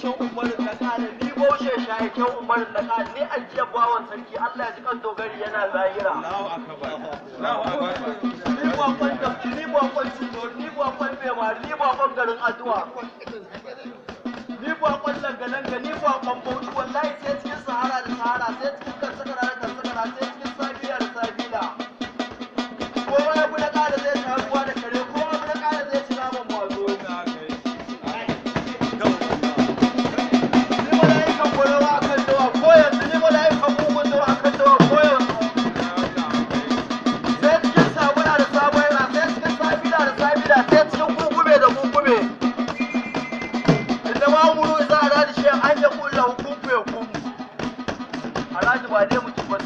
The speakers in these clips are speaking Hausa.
kyau umar da kare ni boshe shaye kyau umar da kare ni ajiya bawan sarki Allah ya ji kan dogari yana zahira Allahu akbar Allahu akbar ni ba kwan da ni ba kwan cido ni ba kwan mewa ni ba kwan garin addu'a ni ba kwan langa-langa, ni ba kwan bauchi wallahi sai cikin sahara da sahara sai cikin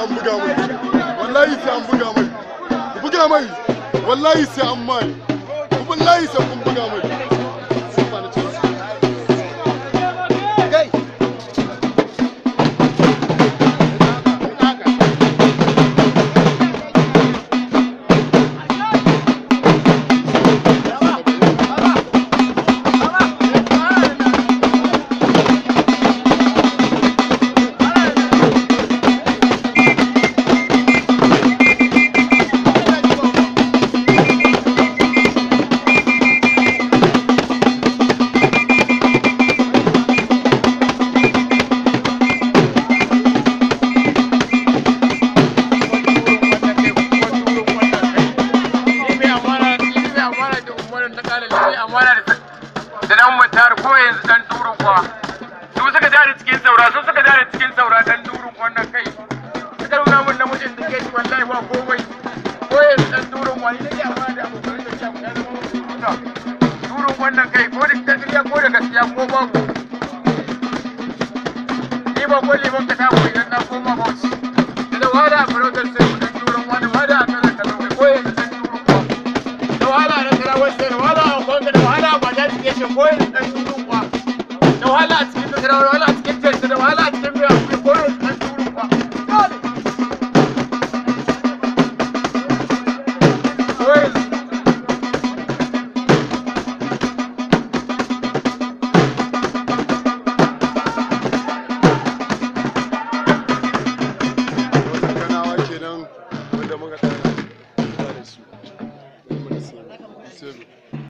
an buga mai wallahi sai an buga mai buga mai wallahi sai an mai wallahi sai kun buga mai amana da dan mutar ko yanzu dan durun kwa. su suka jari cikin saura su suka jari cikin saura dan durun wannan kai suka nuna mun namijin da kai wallahi ba komai ko yanzu dan durun wani ne amana da abokan da shafi ya zama mutum durun wannan kai ko da gaskiya ko da gaskiya ko babu ni ba ko liman ka tafi idan na koma bauchi da wada a farautar sai dan durun wani wada a kan da ko yanzu dan durun ko da wala na kira wasu kashe koyin ɗan yunwa da wahala a cikin da wahala a